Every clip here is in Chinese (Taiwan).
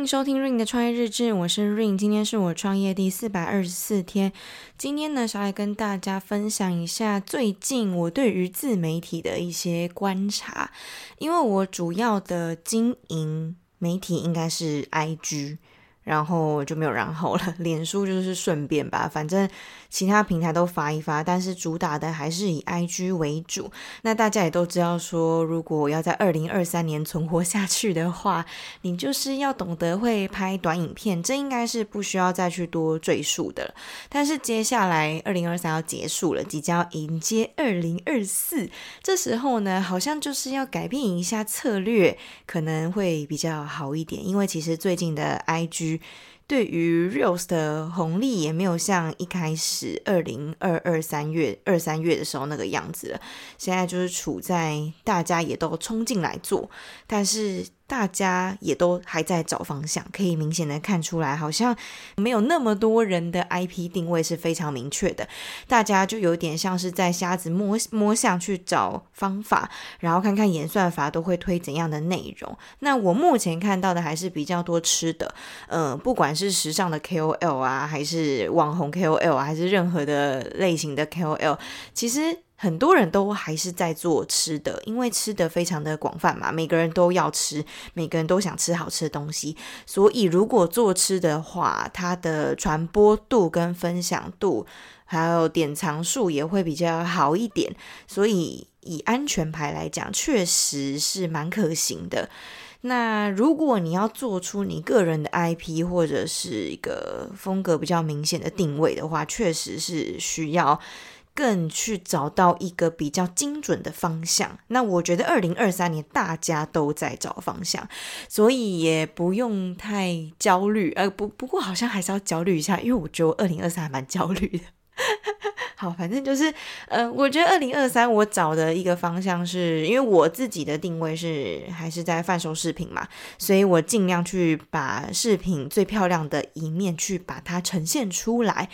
歡迎收聽 Ring 的創業日誌，我是 Ring。今天是我創業第四百二十四天。今天呢，想來跟大家分享一下最近我對於自媒體的一些觀察，因為我主要的經營媒體應該是 IG。然後就沒有然後了，臉書就是順便吧，反正其他平台都發一發，但是主打的還是以 IG 為主。那大家也都知道說，說如果要在二零二三年存活下去的話，你就是要懂得會拍短影片，這應該是不需要再去多贅述的了。但是接下來二零二三要結束了，即將迎接二零二四，這時候呢，好像就是要改變一下策略，可能會比較好一點，因為其實最近的 IG。對於 Reels 的紅利也沒有像一開始二零二二三月二三月的時候那個樣子了，現在就是處在大家也都衝進來做，但是。大家也都還在找方向，可以明顯的看出來，好像沒有那麼多人的 IP 定位是非常明確的。大家就有點像是在瞎子摸摸象去找方法，然後看看演算法都會推怎樣的內容。那我目前看到的還是比較多吃的，嗯，呃，不管是時尚的 KOL 啊，還是網紅 KOL 啊，還是任何的類型的 KOL，其實。很多人都還是在做吃的，因為吃的非常的廣泛嘛，每個人都要吃，每個人都想吃好吃的東西，所以如果做吃的話，它的傳播度跟分享度，還有典藏數也會比較好一點。所以以安全牌來講，確實是蠻可行的。那如果你要做出你個人的 IP 或者是一個風格比較明顯的定位的話，確實是需要。更去找到一個比較精準的方向。那我覺得二零二三年大家都在找方向，所以也不用太焦慮。呃，不，不過好像還是要焦慮一下，因為我覺得我二零二三還蠻焦慮的。 好，反正就是，呃、我覺得二零二三我找的一個方向是，因為我自己的定位是還是在販售飾品嘛，所以我盡量去把飾品最漂亮的一面去把它呈現出來。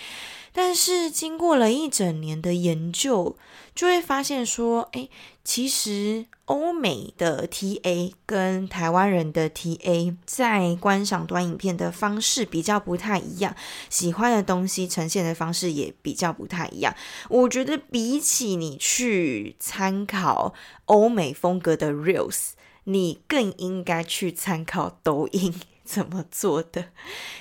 但是經過了一整年的研究，就會發現說，哎，其實歐美的 TA 跟台灣人的 TA 在觀賞短影片的方式比較不太一樣，喜歡的東西呈現的方式也比較不太一樣。我覺得比起你去參考歐美風格的 Reels，你更應該去參考抖音，怎麼做的？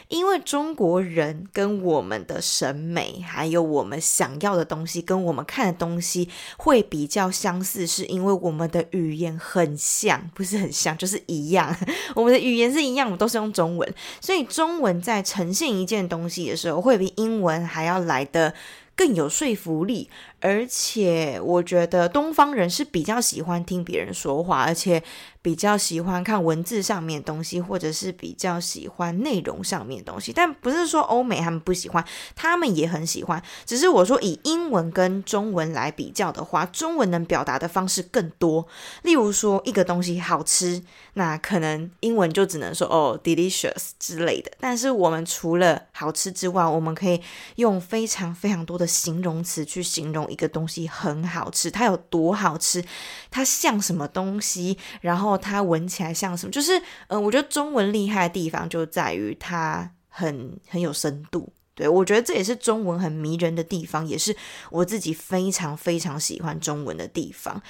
因為中國人跟我們的審美，還有我們想要的東西，跟我們看的東西會比較相似，是因為我們的語言很像，不是很像，就是一樣。我們的語言是一樣，我們都是用中文，所以中文在呈現一件東西的時候，會比英文還要來得更有說服力。而且，我覺得東方人是比較喜歡聽別人說話，而且。比較喜歡看文字上面的東西，或者是比較喜歡內容上面的東西，但不是說歐美他們不喜歡，他們也很喜歡。只是我說以英文跟中文來比較的話，中文能表達的方式更多。例如說一個東西好吃，那可能英文就只能說哦、oh, delicious 之類的。但是我們除了好吃之外，我們可以用非常非常多的形容詞去形容一個東西很好吃，它有多好吃，它像什麼東西，然後。它聞起來像什麼？就是，嗯、呃，我覺得中文厲害的地方就在於它很很有深度。對我覺得這也是中文很迷人的地方，也是我自己非常非常喜歡中文的地方。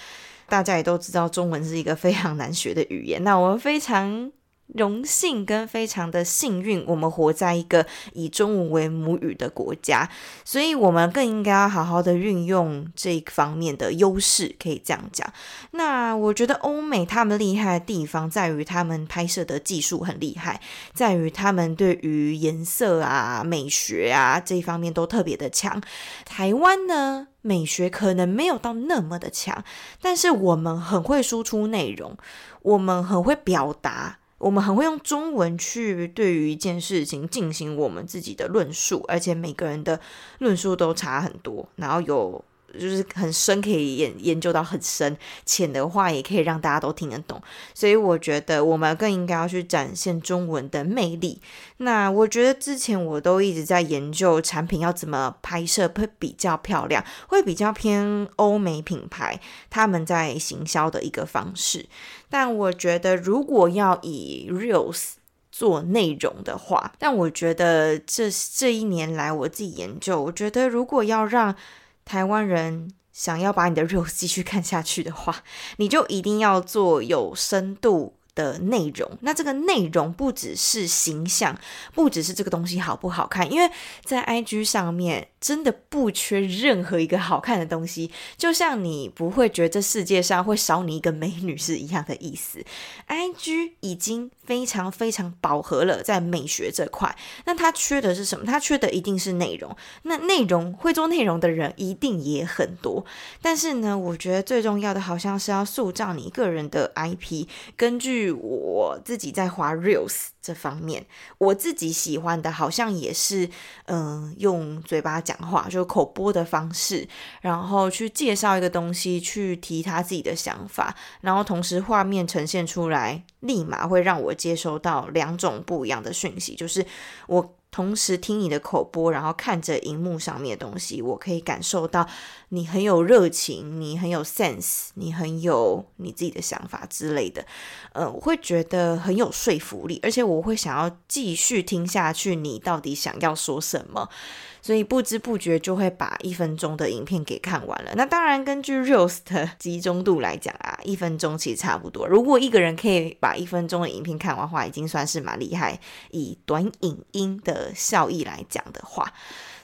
大家也都知道，中文是一個非常難學的語言。那我非常。榮幸跟非常的幸運，我們活在一個以中文為母語的國家，所以我們更應該要好好的運用這一方面的優勢，可以這樣講。那我覺得歐美他們厲害的地方，在於他們拍攝的技術很厲害，在於他們對於顏色啊、美學啊這一方面都特別的強。台灣呢，美學可能沒有到那麼的強，但是我們很會輸出內容，我們很會表達。我們很會用中文去對於一件事情進行我們自己的論述，而且每個人的論述都差很多，然後有。就是很深，可以研研究到很深；淺的話，也可以讓大家都聽得懂。所以我覺得，我們更應該要去展現中文的魅力。那我覺得之前我都一直在研究產品要怎麼拍攝會比較漂亮，會比較偏歐美品牌他們在行銷的一個方式。但我覺得，如果要以 Reels 做內容的話，但我覺得這這一年來我自己研究，我覺得如果要讓台灣人想要把你的肉繼續看下去的話，你就一定要做有深度的內容，那這個內容不只是形象，不只是這個東西好不好看，因為在 IG 上面真的不缺任何一個好看的東西，就像你不會覺得這世界上會少你一個美女是一樣的意思。IG 已經非常非常飽和了，在美學這塊，那它缺的是什麼？它缺的一定是內容。那內容會做內容的人一定也很多，但是呢，我覺得最重要的好像是要塑造你個人的 IP，根據。我自己在滑 Reels 這方面，我自己喜歡的，好像也是，嗯、呃，用嘴巴講話，就口播的方式，然後去介紹一個東西，去提他自己的想法，然後同時畫面呈現出來，立馬會讓我接收到兩種不一樣的訊息，就是我。同時聽你的口播，然後看着熒幕上面的東西，我可以感受到你很有熱情，你很有 sense，你很有你自己的想法之類的，呃，我會覺得很有說服力，而且我會想要繼續聽下去，你到底想要說什麼？所以不知不覺就會把一分鐘的影片給看完了。那當然，根據 research 的集中度來講啊，一分鐘其實差不多。如果一個人可以把一分鐘的影片看完的話，已經算是蠻厲害。以短影音的。效益來講的話，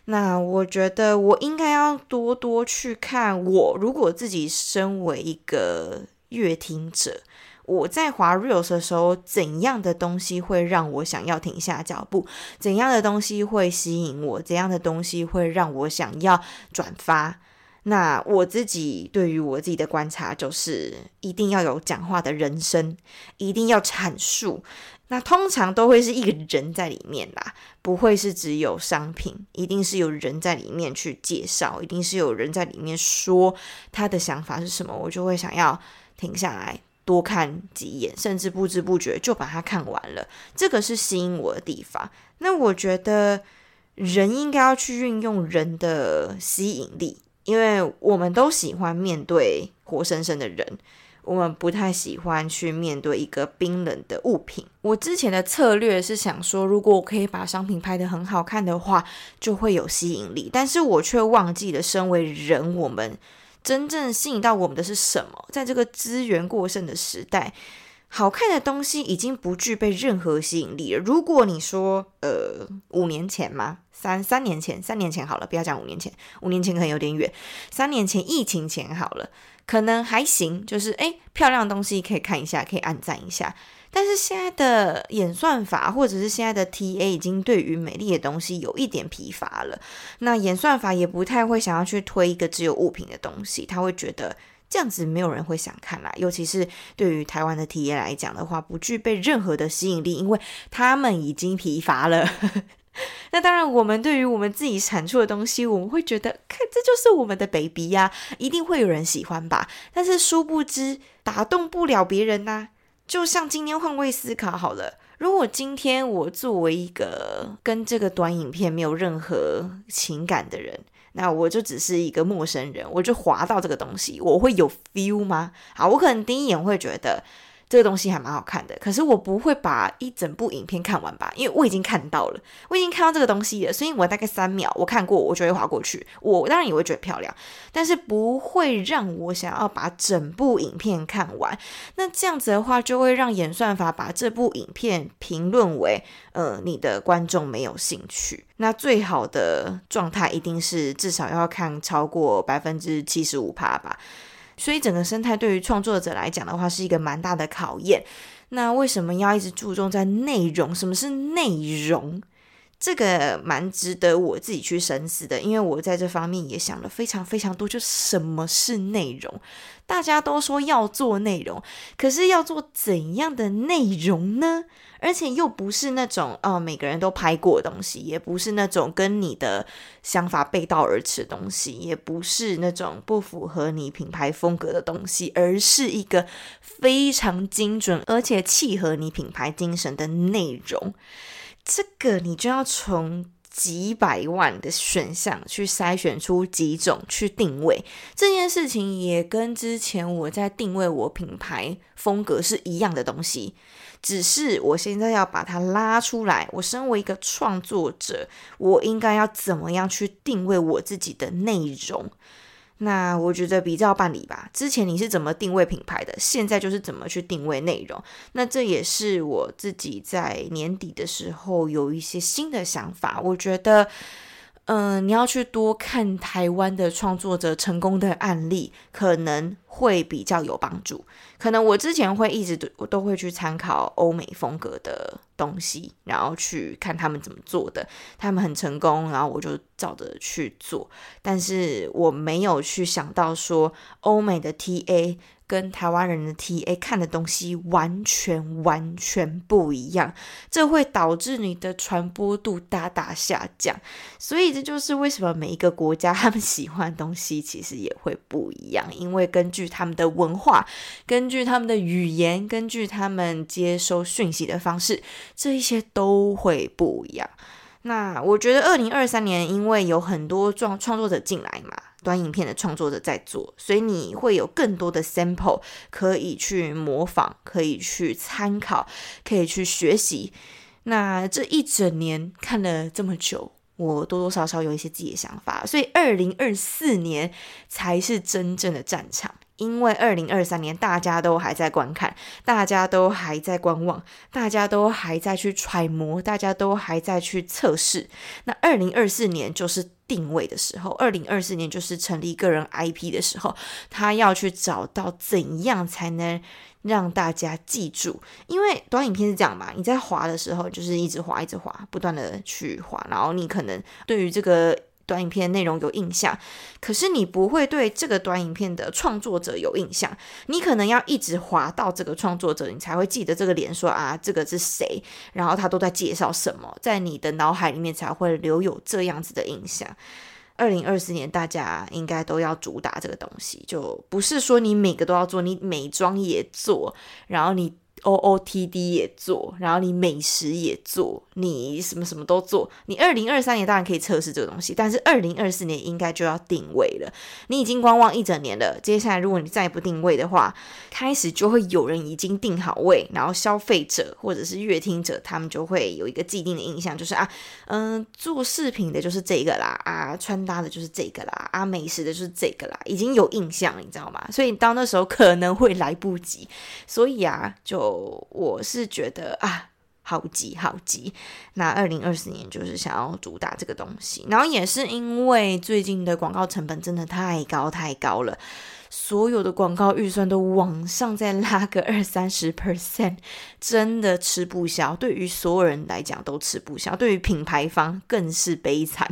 那我覺得我應該要多多去看我，我如果自己身為一個閱聽者，我在滑 reels 的時候，怎樣的東西會讓我想要停下腳步？怎樣的東西會吸引我？怎樣的東西會讓我想要轉發？那我自己對於我自己的觀察就是，一定要有講話的人聲，一定要闡述。那通常都會是一個人在裡面啦、啊，不會是只有商品，一定是有人在裡面去介紹，一定是有人在裡面說他的想法是什麼。我就會想要停下來多看幾眼，甚至不知不覺就把它看完了。這個是吸引我的地方。那我覺得人應該要去運用人的吸引力。因為我們都喜歡面對活生生的人，我們不太喜歡去面對一個冰冷的物品。我之前的策略是想說，如果我可以把商品拍得很好看的話，就會有吸引力。但是我卻忘記了，身為人，我們真正吸引到我們的是什麼？在這個資源過剩的時代。好看的東西已經不具備任何吸引力了。如果你說，呃，五年前嗎？三三年前，三年前好了，不要講五年前，五年前可能有點遠。三年前疫情前好了，可能還行，就是誒，漂亮的東西可以看一下，可以按讚一下。但是現在的演算法或者是現在的 T A 已經對於美麗的東西有一點疲乏了，那演算法也不太會想要去推一個只有物品的東西，他會覺得。這樣子沒有人會想看啦，尤其是對於台灣的體驗來講的話，不具備任何的吸引力，因為他們已經疲乏了。 那當然，我們對於我們自己產出的東西，我們會覺得，看，這就是我們的 baby 呀，啊，一定會有人喜歡吧。但是殊不知打動不了別人吶，啊。就像今天換位思考好了，如果今天我作為一個跟這個短影片沒有任何情感的人。那我就只是一個陌生人，我就滑到這個東西，我會有 feel 嗎？好，我可能第一眼會覺得。這個東西還蠻好看的，可是我不會把一整部影片看完吧？因為我已經看到了，我已經看到這個東西了，所以我大概三秒我看過，我就會滑過去。我當然也會覺得漂亮，但是不會讓我想要把整部影片看完。那這樣子的話，就會讓演算法把這部影片評論為，呃，你的觀眾沒有興趣。那最好的狀態一定是至少要看超過百分之七十五趴吧。所以整個生態對於創作者來講的話，是一個蠻大的考驗。那為什麼要一直注重在內容？什麼是內容？這個蠻值得我自己去深思的，因為我在這方面也想了非常非常多。就什麼是內容？大家都說要做內容，可是要做怎樣的內容呢？而且又不是那種啊、哦，每個人都拍過的東西，也不是那種跟你的想法背道而馳的東西，也不是那種不符合你品牌風格的東西，而是一個非常精準而且契合你品牌精神的內容。這個你就要從幾百萬的選項去篩選出幾種去定位，這件事情也跟之前我在定位我品牌風格是一樣的東西，只是我現在要把它拉出來，我身為一個創作者，我應該要怎麼樣去定位我自己的內容？那我覺得比照辦理吧。之前你是怎麼定位品牌的？現在就是怎麼去定位內容？那這也是我自己在年底的時候有一些新的想法。我覺得。嗯、呃，你要去多看台灣的創作者成功的案例，可能會比較有幫助。可能我之前會一直都我都會去參考歐美風格的東西，然後去看他們怎麼做的，他們很成功，然後我就照着去做，但是我沒有去想到說歐美的 TA。跟台灣人的 TA 看的東西完全完全不一樣，這會導致你的傳播度大大下降。所以這就是為什麼每一個國家他們喜歡的東西其實也會不一樣，因為根據他們的文化、根據他們的語言、根據他們接收訊息的方式，這一些都會不一樣。那我覺得二零二三年因為有很多創創作者進來嘛。短影片的創作者在做，所以你會有更多的 sample 可以去模仿，可以去參考，可以去學習。那這一整年看了這麼久，我多多少少有一些自己的想法，所以二零二四年才是真正的戰場。因為二零二三年大家都還在觀看，大家都還在觀望，大家都還在去揣摩，大家都還在去測試。那二零二四年就是定位的時候，二零二四年就是成立個人 IP 的時候，他要去找到怎樣才能讓大家記住。因為短影片是這樣嘛，你在滑的時候就是一直滑，一直滑，不斷的去滑，然後你可能對於這個。短影片內容有印象，可是你不會對這個短影片的創作者有印象。你可能要一直滑到這個創作者，你才會記得這個臉說，說啊，這個是誰？然後他都在介紹什麼，在你的腦海裡面才會留有這樣子的印象。二零二四年，大家應該都要主打這個東西，就不是說你每個都要做，你美妝也做，然後你。O O T D 也做，然後你美食也做，你什麼什麼都做。你二零二三年當然可以測試這個東西，但是二零二四年應該就要定位了。你已經觀望一整年了，接下來如果你再不定位的話，開始就會有人已經定好位，然後消費者或者是閱聽者，他們就會有一個既定的印象，就是啊，嗯，做視頻的就是這個啦，啊，穿搭的就是這個啦，啊，美食的就是這個啦，已經有印象，你知道嗎？所以到那時候可能會來不及，所以啊，就。我我是覺得啊，好急好急！那二零二四年就是想要主打這個東西，然後也是因為最近的廣告成本真的太高太高了，所有的廣告預算都往上再拉個二三十 percent，真的吃不消。對於所有人來講都吃不消，對於品牌方更是悲慘，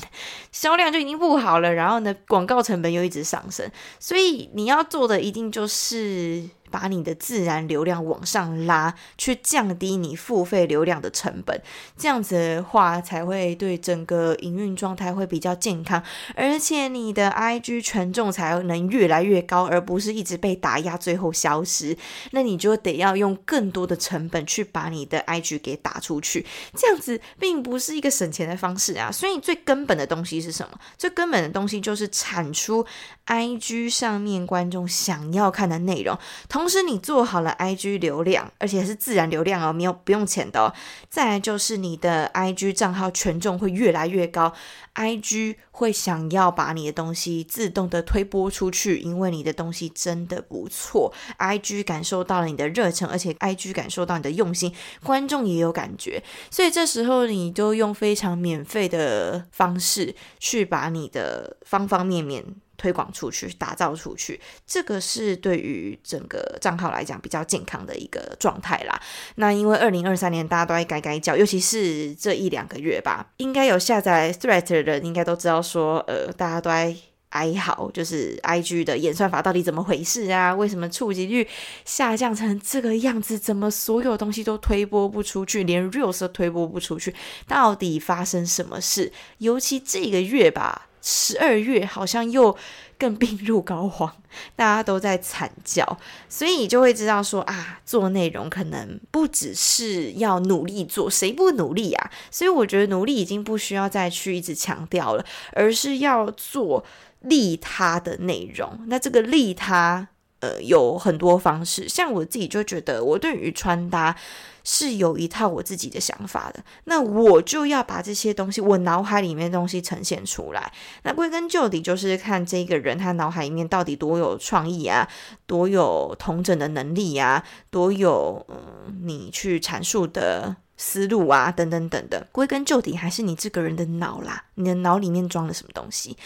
銷量就已經不好了，然後呢，廣告成本又一直上升，所以你要做的一定就是。把你的自然流量往上拉，去降低你付費流量的成本，這樣子的話才會對整個營運狀態會比較健康，而且你的 IG 權重才能越來越高，而不是一直被打壓，最後消失。那你就得要用更多的成本去把你的 IG 給打出去，這樣子並不是一個省錢的方式啊。所以最根本的東西是什麼？最根本的東西就是產出 IG 上面觀眾想要看的內容。同時，你做好了 IG 流量，而且是自然流量哦，沒有，不用錢的哦。再來就是你的 IG 賬號權重會越來越高，IG 會想要把你的東西自動的推播出去，因為你的東西真的不錯，IG 感受到了你的熱情，而且 IG 感受到你的用心，觀眾也有感覺，所以這時候你就用非常免費的方式去把你的方方面面。推廣出去，打造出去，這個是對於整個賬號來講比較健康的一個狀態啦。那因為二零二三年大家都在改改叫，尤其是這一兩個月吧，應該有下載 Threads 的人應該都知道說，呃，大家都在哀嚎，就是 IG 的演算法到底怎麼回事啊？為什麼觸及率下降成這個樣子？怎麼所有東西都推播不出去，連 Reels 都推播不出去？到底發生什麼事？尤其這個月吧。十二月好像又更病入膏肓，大家都在慘叫，所以你就會知道說啊，做內容可能不只是要努力做，誰不努力啊？所以我覺得努力已經不需要再去一直強調了，而是要做利他的內容。那這個利他。呃，有很多方式，像我自己就覺得，我對於穿搭是有一套我自己的想法的。那我就要把這些東西，我腦海裡面的東西呈現出來。那歸根究底，就是看這個人他腦海裡面到底多有創意啊，多有統整的能力啊，多有嗯，你去闡述的思路啊，等等等等的。歸根究底，還是你這個人的腦啦，你的腦裡面裝了什麼東西。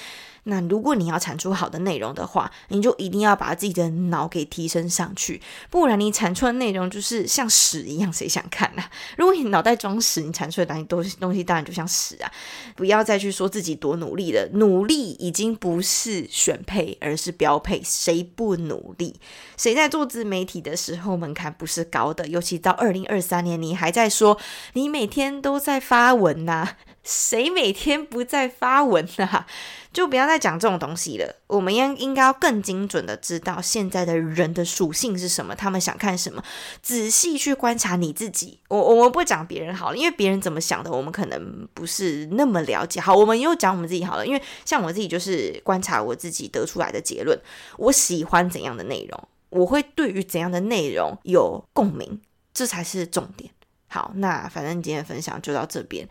那如果你要產出好的內容的話，你就一定要把自己的腦給提升上去，不然你產出的內容就是像屎一樣，誰想看啊？如果你腦袋裝屎，你產出的東西東西當然就像屎啊！不要再去說自己多努力了，努力已經不是選配，而是標配。誰不努力？誰在做自媒體的時候門檻不是高的？尤其到二零二三年，你還在說你每天都在發文吶啊？誰每天不在發文呢、啊？就不要再講這種東西了。我們應應該要更精準的知道現在的人的屬性是什麼，他們想看什麼。仔細去觀察你自己。我我們不講別人好了，因為別人怎麼想的，我們可能不是那麼了解。好，我們又講我們自己好了，因為像我自己就是觀察我自己得出來的結論。我喜歡怎樣的內容，我會對於怎樣的內容有共鳴，這才是重點。好，那反正今天的分享就到這邊。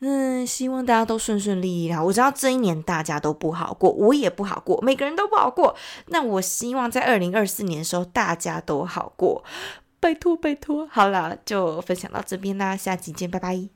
嗯，希望大家都順順利利啦。我知道這一年大家都不好過，我也不好過，每個人都不好過。那我希望在二零二四年的時候，大家都好過，拜托拜托！好啦，就分享到這邊啦，下期見，拜拜。